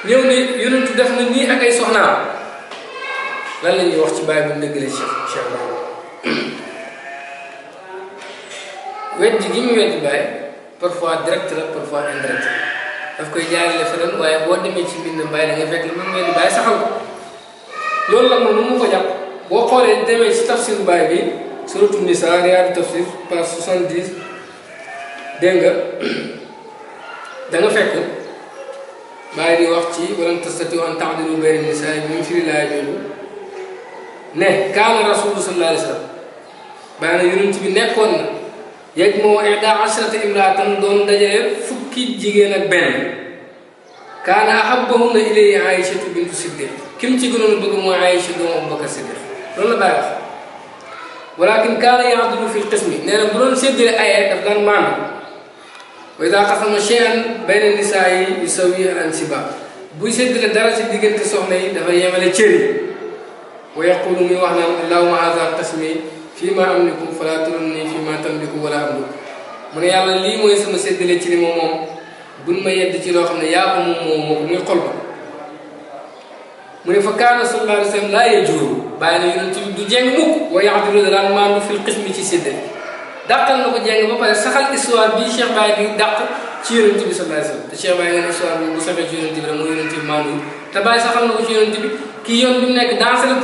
ñëw ne yonent def na nii ak ay soxnaam lan la ñuy wax ci bàyyi bu ndëggale Cheikh Cheikh Baye weddi gi ñu weddi bàyyi parfois direct la parfois indirect daf koy waaye boo demee ci mbind bàyyi da fekk la man weddi bàyyi saxal ko loolu la moom mu ko jàpp boo xoolee demee ci tafsiru bàyyi bi suratu nisa riyaadu tafsir page soixante-dix dégg nga fekk bàyyi di wax ci walan tastati'u an ta'dilu bayna nisaa bi mu firi laay jooju ne kaana rasulu sallallahu bàyyi na yonent bi nekkoon na yegg moo ihdaa ashrata imraatan doon dajale fukki jigéen ak benn kaana ahabbahunna ilayhi Aïchatu bintu Siddiq kim ci gënoon bëgg mooy Aïcha doomu Abubakar Siddiq loolu la bàyyi wax ولكن كان يعضل في القسم نحن نقولون سيد الآية أفضل معنى وإذا قسم شيئا بين النساء يسوي الانسباب بوي سيد لدرجة ديجن تسوحني دفع يعمل تشري ويقول من وحنا ما هذا القسم فيما أملك فلا ترني فيما تملك ولا أملك من يعلم لي مويس مسد لتشري مومو بن ما يدتي لو خمنا يا مومو مومو mu ne fa kaana sallallahu alayhi wa sallam laa yajuuru bàyyi na yonent bi du jéng mukk wa yaxdiru da daan maandu fil xismi ci séddale dàqal na ko jéng ba pare saxal histoire bii Cheikh Baye di dàq ci yonent bi sallallahu alayhi wa sallam te Cheikh Baye ngeen histoire bi bu saxee ci yonent bi maandu te bàyyi saxal na ko ci yonent kii yoon bi nekk dansé la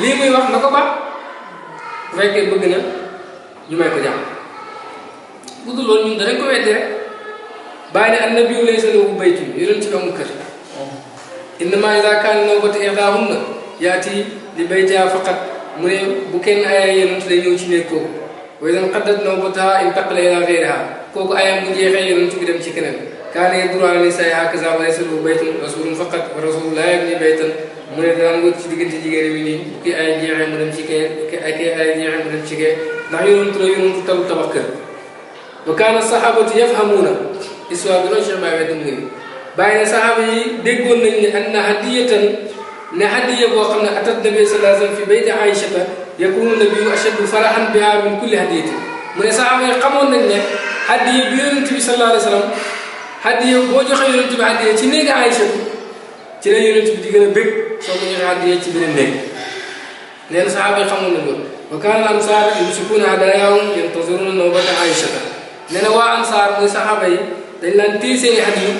lii muy wax na ko ba bu fekkee bëgg ñu ko jàpp bu dul loolu ñun danañ ko weddi rek bàyyi ne annabi laysa lahu baytun yonent bi amul kër. إنما إذا كان نوبة إرضاهن يأتي لبيتها فقط من بكين آية ينطل يوشنيكو وإذا انقضت نوبتها انتقل إلى غيرها كوك آية مجيخة ينطل بدم شكنا كان يدور على النساء هكذا وليس له بيت رسول فقط ورسول لا يبني بيتا من إذا نوبت شدقن تجيغر مني بكي آية جيعة مدم شكي أكي آية جيعة مدم شكي نحن ينطل ينطل تبكر وكان الصحابة يفهمون إسوا بنوشة ما يبدو مني bàyyi sahabi saxaaba yi déggoon nañ ne an na hadiyatan ne hadiya boo xam atat nabi sallallahu alayhi wasallam fi bayti aïchata yakunu nabiyu ashaddu farahan biha min kulli hadiyatin mu ne saxaaba yi xamoon nañ ne hadiya bi yonent bi sallallahu alayhi wasallam hadiya boo joxe yonent hadiya ci a bég soo ko joxe hadiya ci beneen néeg nee na saxaaba yi xamoon nañ loolu wa kaana ansaar yumsikuuna hadaayahum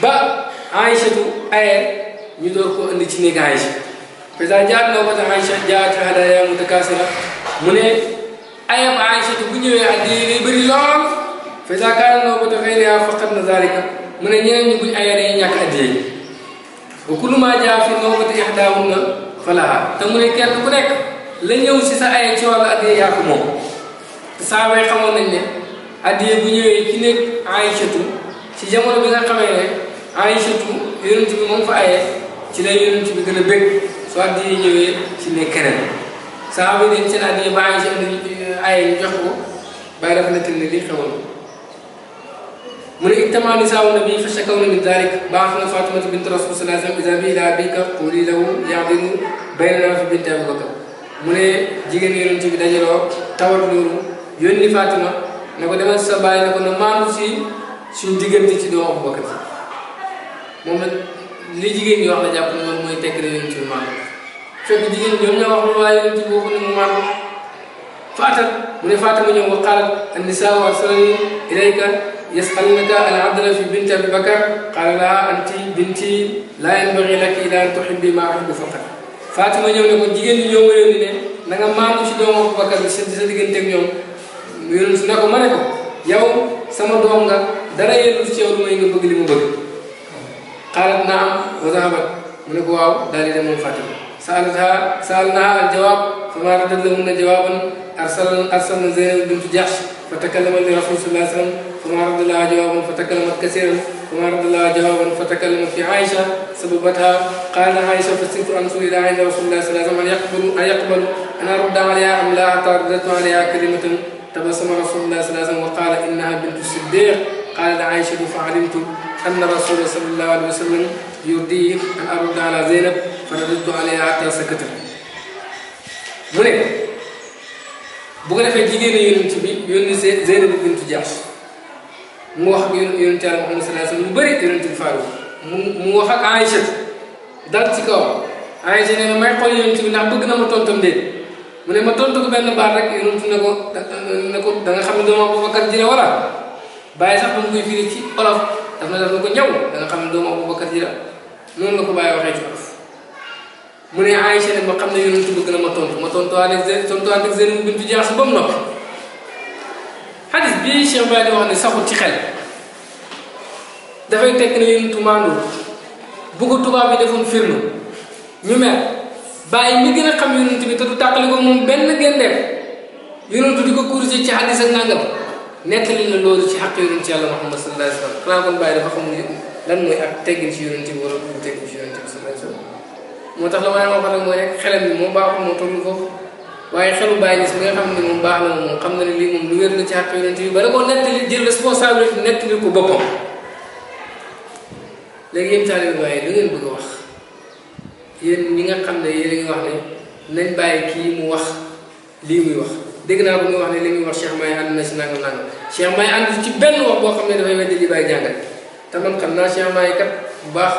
ba Aïchatu aye ñu door ko indi ci néeg Aïcha président jaar loo ko te Aïcha jaat hadaya mutakaasira mu ne ayam Aïchatu bu ñëwee ak day bëri lool président kaana loo ko te xëy na faqat na zalika mu ne ñeneen ñi buñ ayee dañuy ñàkk addiya yi ba kullu maa jaa fi loo ko te ihdaahunna ne kenn ku nekk la ñëw si sa aye ci wàllu addiya yaa ko moom te saa way xamoon nañ ne addiya bu ñëwee ci jamono bi nga xamee ne Aysatu yonent bi moom fa ayee ci la yonent bi gën a bëgg soo addiyee ñëwee ci ne keneen saxaaba yi dañ seen addiyee ba Aysa indi eh, aye ñu jox ko bàyyi dafa nettal ne lii xewoon mu ne ictama nisaawu nabi fa shakaw na min dalik baax na Fatimata bint rasul sallallahu alayhi wa sallam bi ila bika quli lahu ya'dinu baynana mu ne jigéen yonent bi dajaloo tawat loolu yónni Fatima na ko demal sa bàyyi na ko na maanu si suñ diggante ci doomu Abubakar Si moom nag li jigéen ñi wax la jàpp ne loolu mooy tekk na yonent bi maanaam fekk jigéen ñoom ñoo wax lu waaye yonent bi waxu ne mu maanaam faatal mu ne faatama ñoom wa qaalat annisaa arsalani ilayka yas'alnaka an adla fi binti abi bakar qaala laha anti binti laa yanbaghi laki ila an tuhibbi ma uhibbu faqat Fatima ñëw ne ko jigéen ñi ñoo ma yónni ne na nga maandu ci doomu Abubakar bi sa digganteeg ñoom mu yónni su ne ko ma ne ko yow sama doom nga dara yellul ci yow lu may nga bëgg li mu bëgg xaalat naam wa zahabat mu ne ko waaw daal di dem moom fàttali سألتها سألناها الجواب فما ردت لهن جوابا أرسل أرسلنا زينب بنت جحش فتكلمت لرسول صلى الله عليه وسلم فما رد لها جوابا فتكلمت كثيرا فما رد لها جوابا فتكلمت في عائشة سببتها قال عائشة فسرت أن سئل عند رسول الله صلى الله عليه وسلم أن يقبل أن يقبل أن أرد عليها أم لا حتى رددت عليها كلمة تبسم رسول الله صلى الله عليه وسلم وقال إنها بنت الصديق قال عائشة فعلمت أن رسول صلى الله عليه وسلم يرديه أن أرد على زينب فردت عليها حتى سكت مولاي بغينا في جيجين يونس بي يونس زينب بنت جاش مو واخ يونس تعالى محمد صلى الله عليه وسلم بري يونس الفارو مو واخ عائشة دار تيكو عائشة نعم ما يقول يونس بي نعم بغينا مطول تم دين مولاي مطول تم بين بارك يونس نكو نكو دانا خمي دوما بفكر جيلا ولا bàyyi sax ba mu koy firi ci olof daf na def na ko ñaw da nga xam ne doomu Abubakar ji la noonu la ko bàyyi waxee ci olof ne Aïcha ne ma xam ne yonentu bëgg na ma tontu ma tontuwaat ak Zeynab tontuwaat ak Zeynab bintu ne saxul ci xel dafay tekk ne yonentu maandu bu ko tubaab yi ñu mer bàyyi mi gën a xam yonent bi te du tàqali ko moom benn gendeem yonentu di ko corriger ci xadis ak nangam nettali na loolu ci xaq yonent yàlla Muhammad sallallahu alayhi wa sallam xanaa kon bàyyi dafa xamul lan mooy ak teggin ci yonent moo tax la waaye moo xam ne mooy rek xelam bi moom baaxul moom toll waaye xelu bàyyi gis xam ne moom na xam na ne lii moom lu wér la ci xaq yonent bi ba da koo nettali jël responsabilité nettali ko boppam léegi yéen taalibe bàyyi lu ngeen bëgg a wax yéen ñi nga xam ne yéen ngi wax ne nañ bàyyi kii mu wax lii muy wax dégg naa bu muy wax ne li muy wax Cheikh May ànd si nangam nangam Cheikh May ànd ci benn wax boo xam ne dafay weddi li bàyyi jàngale te man xam naa Cheikh May kat bu baax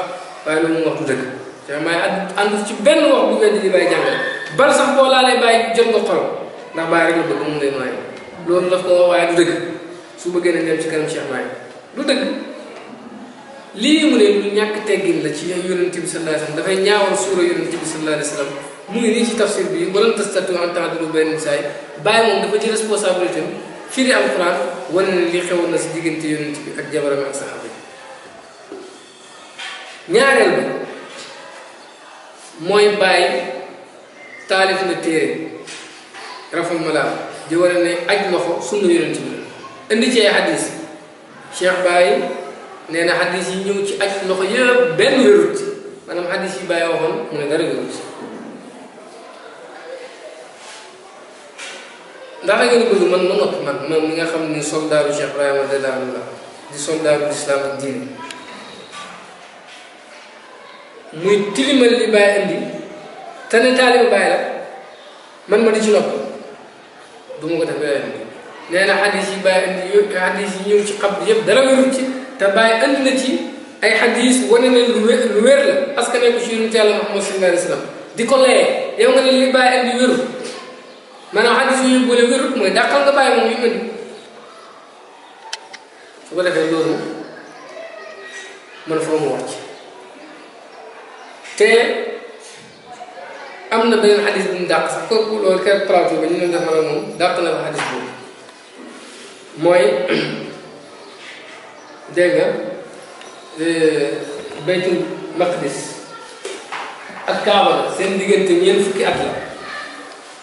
waaye loolu mu wax du dëgg Cheikh May ànd ci benn wax bu weddi li bàyyi jàngale bal sax boo laalee bàyyi jot nga xol ndax bàyyi rek la bëgg mu lay nooy loolu daf su bëggee ci kanam Cheikh May du dëgg lii ne lu ñàkk teggin la ci yonent bi sallallahu alayhi wa dafay ñaawal suura yonent bi sallallahu alayhi موي ني تفسير بي بولن تستطيع ان تعدلوا بين النساء باي موم دا فتي ريسبونسابيلتي في ري القران ولا اللي خيونا سي ديغنتي يونتي اك جبر مع صحابي نيارل بي موي باي طالب نتيري رفم ملا دي ورا ني اج لخو سونو يونتي اندي سي شيخ باي نينا حديث نيو سي اج لخو بن يورتي مانام حديث باي واخون مون دا رغوت ndax da ngeen a bëgg man ma man man mi nga xam ni soldaaru Cheikh Ibrahima radiyallaahu anhu di soldaaru lislaam ak diine muy tilimal li bàyyi indi te ne taaliba bàyyi la man ma di ci nopp du ma ko def bàyyi indi nee na xadis yi andi na ci ay xadis wane ne lu wér lu wér la parce que ne ko ci yonent yàlla Muhammad sallallahu alayhi wa di ko layee yow nga ne li bàyyi indi maanaam xadis yu bële wérut mooy dàqal nga bàyyi moom yu mel su ko defee loolu man foo mu wàcc te am na beneen xadis bu mu dàq sax kooku loolu kenn plateau ba ñu ne dafa moom dàq na fa xadis boobu mooy dégg nga baytul maqdis ak kaaba la seen diggante ñeent fukki at la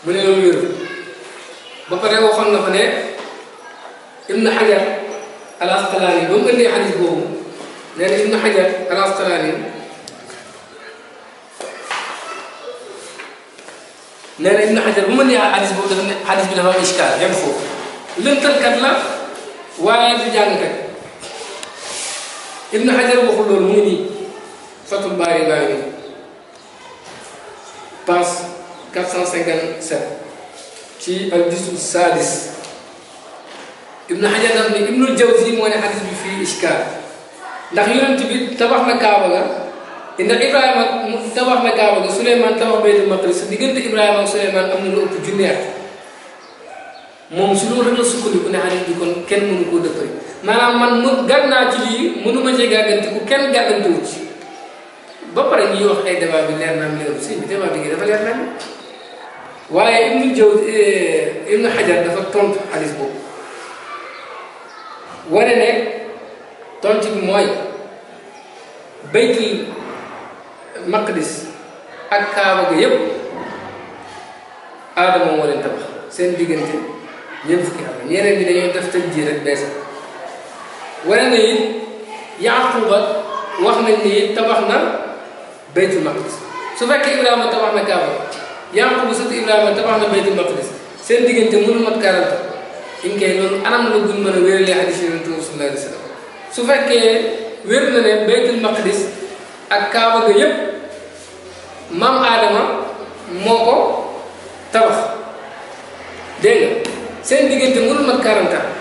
من يوم يوم بقرة وخم نفنة ابن حجر الأسقلاني بوم اللي حديث بوم لأن ابن حجر الأسقلاني لأن ابن حجر بوم اللي حديث بوم حديث بوم هو إشكال يمفو لن تركت له ولا يتجانك ابن حجر بخل الموني فتو الباري الباري باس 457 ci al juzu sadis ibnu Hajar daf ni ibnul Jawzi moo ne hadis bi fii ishkaal ndax yonent bi tabax na Kaaba ga ndax Ibrahima tabax na Kaaba ga Suleymaan tabax baytul maqdis sa diggante Ibrahima ak Suleymaan am na lu ëpp junni at moom su loolu rek la sukkandiku ne hadis bi kon kenn mënu koo dëppale maanaam man mu gànnaa ci lii mënuma cee gàggantiku kenn gàggantiwu ci ba pare ñuy wax ay débat bi leer naam leeru si bi débat bi waaye ibnu jaw ibnu xajar dafa tontu xadis boobu wane ne tontu bi mooy baytul maqdis ak kaaba ga yépp aadama moo leen tabax seen diggante ñeent fukki at ñeneen ñi dañoo def tëj ji rek beesa wane na it yaquba wax nañ ni tabax na baytul maqdis su fekkee ibrahima tabax na kaaba Yaqubu sët Ibrahima tabax na baytul maqdis seen diggante mënu mat 40 dañ koy loolu anam la guñ mën a wéralee hadis yi Yonent bi sallallahu alayhi wa su fekkee wér na ne baytul maqdis ak Kaaba ga yëpp maam Adama moo ko tabax dégg seen diggante mënu mat 40 ans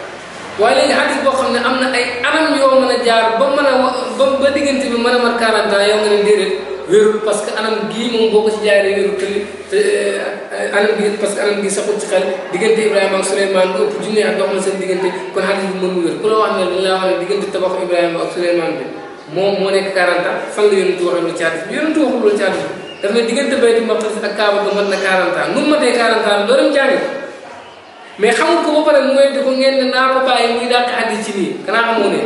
waaye hadis boo xam ne am na ay anam yoo mën a jaar ba mën a ba diggante bi mën a mat 40 ans yow nga ne déedéet. wérul parce que anam gii moom boo ko ci jaaree wérul te te eh, anam gi parce que anam gi saxul ci xel diggante Ibrahima ak Souleymane lu ëpp junne ak dox na seen diggante kon xadis bi mënu wér ku la wax ne dañ laa wax ne diggante tabax Ibrahima ak Souleymane bi moom moo nekk 40 ans fan la yonentu waxee lu ci xadis bi yonentu waxul lu ci xadis bi daf ne diggante baytu maqdis ak kaaba ga mën na 40 ans nu mu matee ans loolu mu jàng mais ko ba pare mu di ko ngeen ne naa ko bàyyi muy dàq xadis ci nii kanaa xamoo ne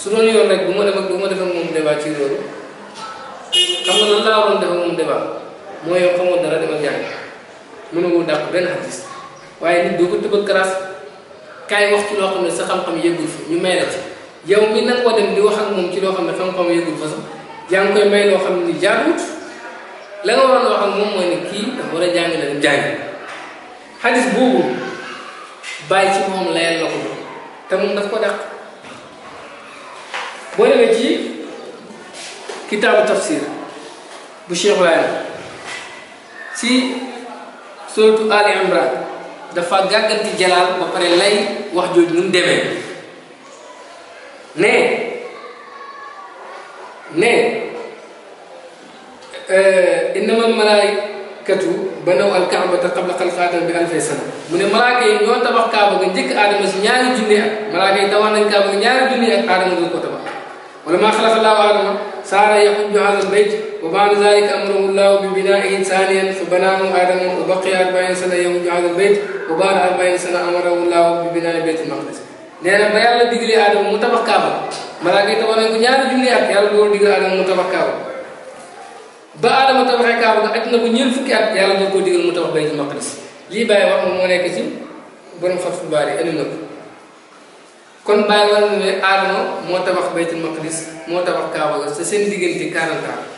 su doon yoon rek bu ma def ak bu ma def ak moom débat ci loolu xam nga nan laa waroon defee moom débat mooy yow xamoo dara demal jàng mënuloo dàq benn hadis waaye nit doo ko tëbal classe kaay wax ci loo xam ne sa xam-xam yëgul fa ñu may la ci yow mi nangoo dem di wax ak moom ci loo xam ne xam-xam yëgul fa sax yaa ngi koy may loo xam ne jaaduwut la nga waroon wax ak moom la dem jàng hadis bàyyi ci moom layal la ko te moom daf ko dàq boo demee ci. kitaabu tafsir bu Cheikh Waye si suratu Ali Imran dafa gàgganti jalaal ba pare lay wax jooju nu mu demee ne ne eh, innama almalaikatu banaw alkaabata qabla xalqi aadama bi alfay sana mu ne malaaka yi tabax kaaba njëkk aadama si ñaari junne at malaaka yi tabax nañ kaaba nga ñaari junne nga ko tabax wala maa xalaqa laahu صار يحج هذا البيت وبعد ذلك أمره الله ba yàlla digli Adama mu ba Adama tabaxee Kaaba nga aj na ko ñeent fukki at yàlla doon koo digal mu tabax Baytul Maqdis lii bàyyi wax moo nekk ci borom Fathul Baari indi kon bàyyi war na ne aadama moo tabax baytul maqdis moo tabax kaaba ga seen diggante 40 ans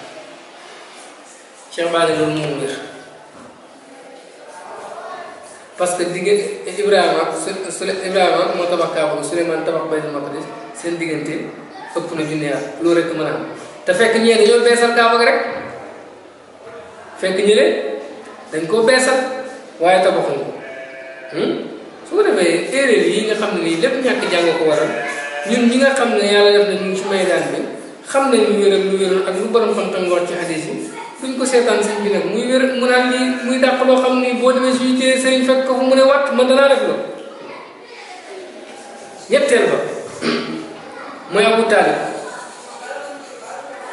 Cheikh Balla loolu moom wér parce que diggante Ibrahima su Ibrahima moo tabax kaaba ga Suleymaan tabax baytul maqdis seen diggante ëpp na junni at loolu rek mën a am te fekk ñee dañoo beesal kaaba ga rek fekk ñu dañ koo beesal waaye tabaxuñ ko hmm? su ko defee téere yi nga xam ne nii lépp ñàkk jàngoo ko waral ñun ñi nga xam ne yàlla def na ñu ci maydaan bi xam nañ lu wér ak lu wérul ak lu borom xam-xam wax ci ko seetaan sëñ bi mu naan lii muy xam ni boo demee suñu téere sëriñ fekk ko fu mu ne wàtt man danaa def loolu ñetteel ba mooy Abu Taalib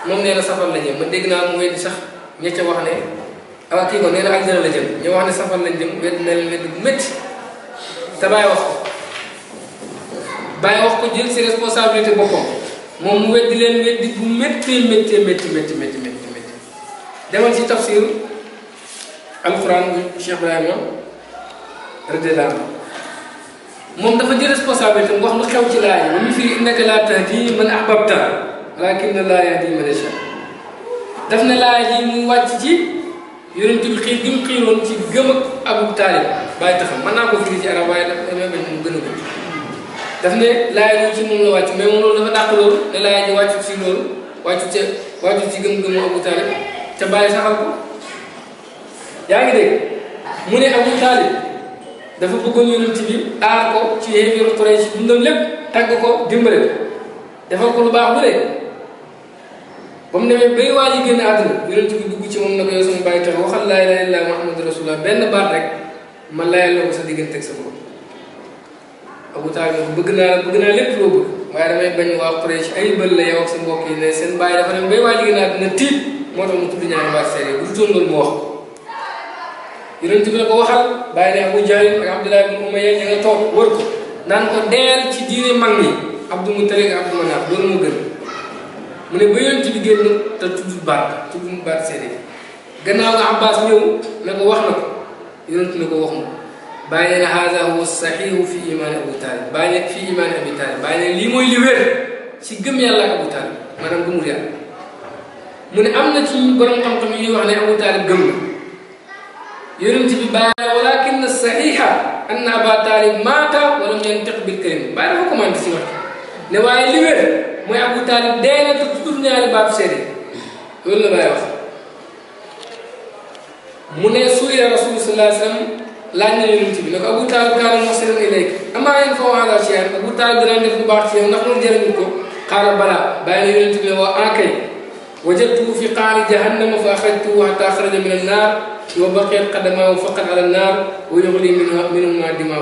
moom nee na safar la jëm ma dégg naa mu weddi sax ña wax ne ah kii ko nee na àjjana la jëm ñu wax ne safar lañ jëm wedd na leen wedd bu métti Baye wax ko Baye wax ko jël si responsabilité boppam moom mu weddi leen weddi bu méttee méttee métti métti métti métti métti demal si tafsir alquran bu Cheikh Ibrahima radiallahu anhu moom dafa jël responsabilité mu wax lu xew ci laay moom firi innaka laa tahdi man ahbabta walakinna laa yahdi man yasha daf ne laay yi mu wàcc ci yonent bi xiir gi mu xiiroon ci gëm ak taalib bàyyi taxam mën naa ko firi ci arab waaye daf damay bañ mu gën a gudd daf ne laay ñu ci moom la wàcc mais moom loolu dafa dàq loolu ne laay ji ci loolu wàccu ci gëm-gëmu abu taalib ca bàyyi saxal ko yaa ngi dégg mu ne abu taalib dafa bëggoon yonent bi aar ko ci xéefiru Quraysh dundam lépp tàgg ko dimbale ko ko lu baax bu ba mu demee bay waa ji génn àdduna yonent bi dugg ci moom na ko yow sama bàyyi tam waxal laa ilaaha illallaah muhammadu rasulullah benn baat rek ma layal la ko sa digganteeg bëgg naa la bëgg naa lépp loo bëgg waaye damay bañ waa Quraysh loolu mu wax mu ne ba yonent bi génn te tuddul baat tuddul baat seede gannaaw nga Abbas ñëw na wax na ko yonent na wax ma bàyyi ne haada huwa saxiihu fi imaan Abu Taalib bàyyi ne fi imaan Abi Taalib bàyyi ne lii mooy li wér ci Abu Taalib maanaam gëmul yàlla mu ne am na ci borom xam-xam yuy wax ne Abu Taalib gëm na yonent bi bàyyi walakin saxiixa anna si wax ne waaye li wér mooy Abu Taalib dee na te tudd baatu seede loolu la may wax mu ne suuya Rasul sallallahu alayhi wa sallam laaj na yonent bi ne ko Abu Taalib kaana muhsinan ilayk amaa in foo ala ci yàlla Abu Taalib danaa def lu baax ci ko na yonent ne waa ankay wajadtuhu fi qaari jahannama fa axrajtuhu xatta axraja min annaar wa baqiyat qadamaahu faqat ala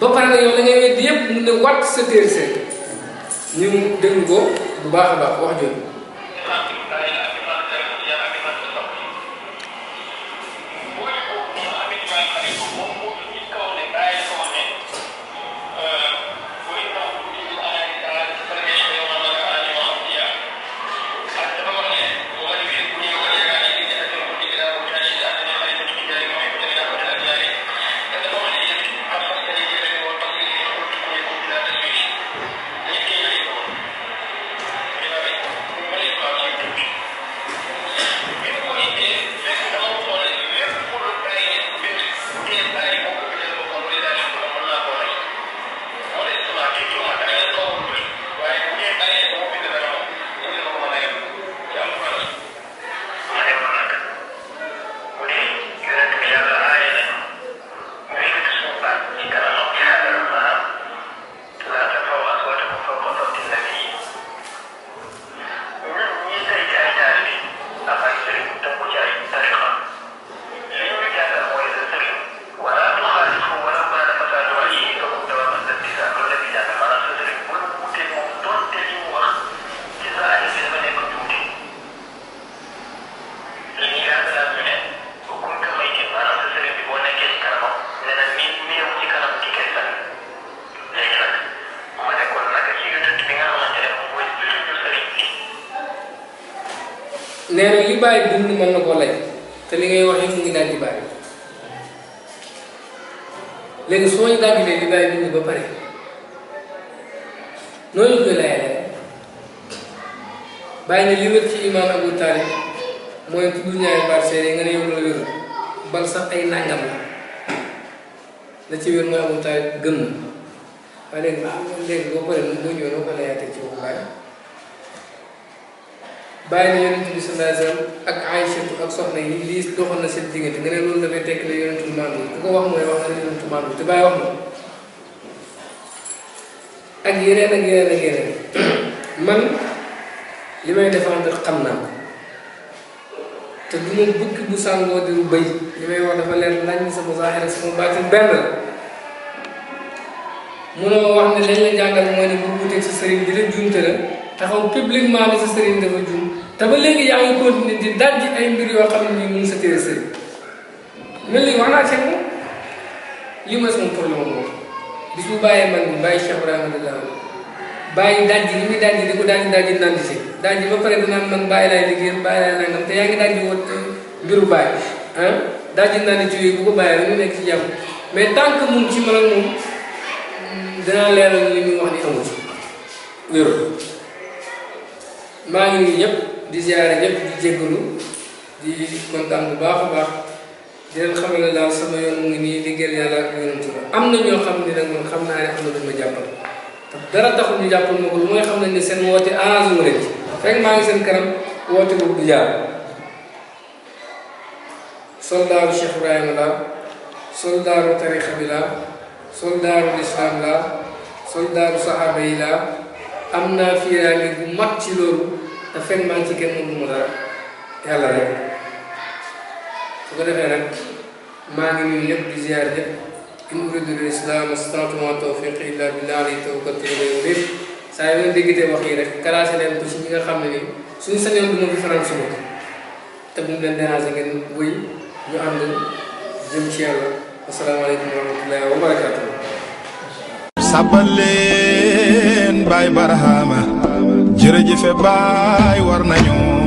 ba pare nag yow da ngay weddi yëpp ne wat sa téere seen ñu déglu ko bu baax a baax wax jooju bàyyi ne li wér ci imaam Abu Taalib mooy tudd ñaari baat seede nga ne yow la wér bal ay nàngam la la ci wér mooy Abu Taalib gëm na waaye léegi ah léegi boo paree boo ñëwee noo ko layaatee ci waxu bàyyi ne yonent bi sallallahu alayhi wa sallam ak Aysatu ak soxna yi lii doxoon na seen diggante nga ne loolu dafay tekk ne yonent bi maandu ku ko wax mooy wax na yonent bi te bàyyi wax na ak yeneen ak yeneen ak yeneen man. li may défendre xam naa te du ma bukki bu sàngoo di bëy li may wax dafa leer nañ sama zaahir ak sama baatin benn la munoo wax ne lañ la jàngal mooy ne bu wuteeg sa sëriñ bi la juumte la taxaw publiquement ne sa sëriñ dafa juum te ba léegi yaa ngi continué di dajji ay mbir yoo xam ne nii mun sa téere sëriñ mel ni wax naa ceeb moom li ma sama problème moom bis bu bàyyee man bi bàyyi Cheikh Ibrahima di la bàyyi muy dajji di ko dajji dajji naan si. daaj ji ba pare danaan man bàyyi laay liggéey bàyyi laay nangam te yaa ngi daaj di wut mbiru bàyyi ah naa ne ci bu ko bàyyi nekk ci jàmm mais tant que mu ngi ci man ak ngi nuyu di ziare ñëpp di bu baax a baax di leen xamal la daal sama yoon mu ngi nii liggéeyal yàlla ak yonent ba am na ñoo xam ne nag man xam naa ne am na lu ma jàppal dara taxul ñu jàppal ma ko lu mooy xam ne ni seen woote arrangé wu rek فين ما عندي كلام واتبو بيا سلدار الشيخ ابراهيم لا سلدار التاريخ بلا سلدار الاسلام لا سلدار الصحابه لا امنا في رامي ماتي لول فين ما عندي كلام مو دار يلا رك سوغدي رك ما عندي نيب دي زياره كنور الاسلام استطاعت ما توفيقي الا بالله توكلت عليه saa yu ñu déggee wax yi rek classé leen ko ci ñi nga xam ne nii suñu sañoon du ma fi fanaan te bu mu leen déranger ngeen wéy ñu ànd jëm ci yàlla asalaamaaleykum wa rahmatullahi wa barakaatu. sàbbal leen Baay Barhama jërëjëfe Baay war nañu.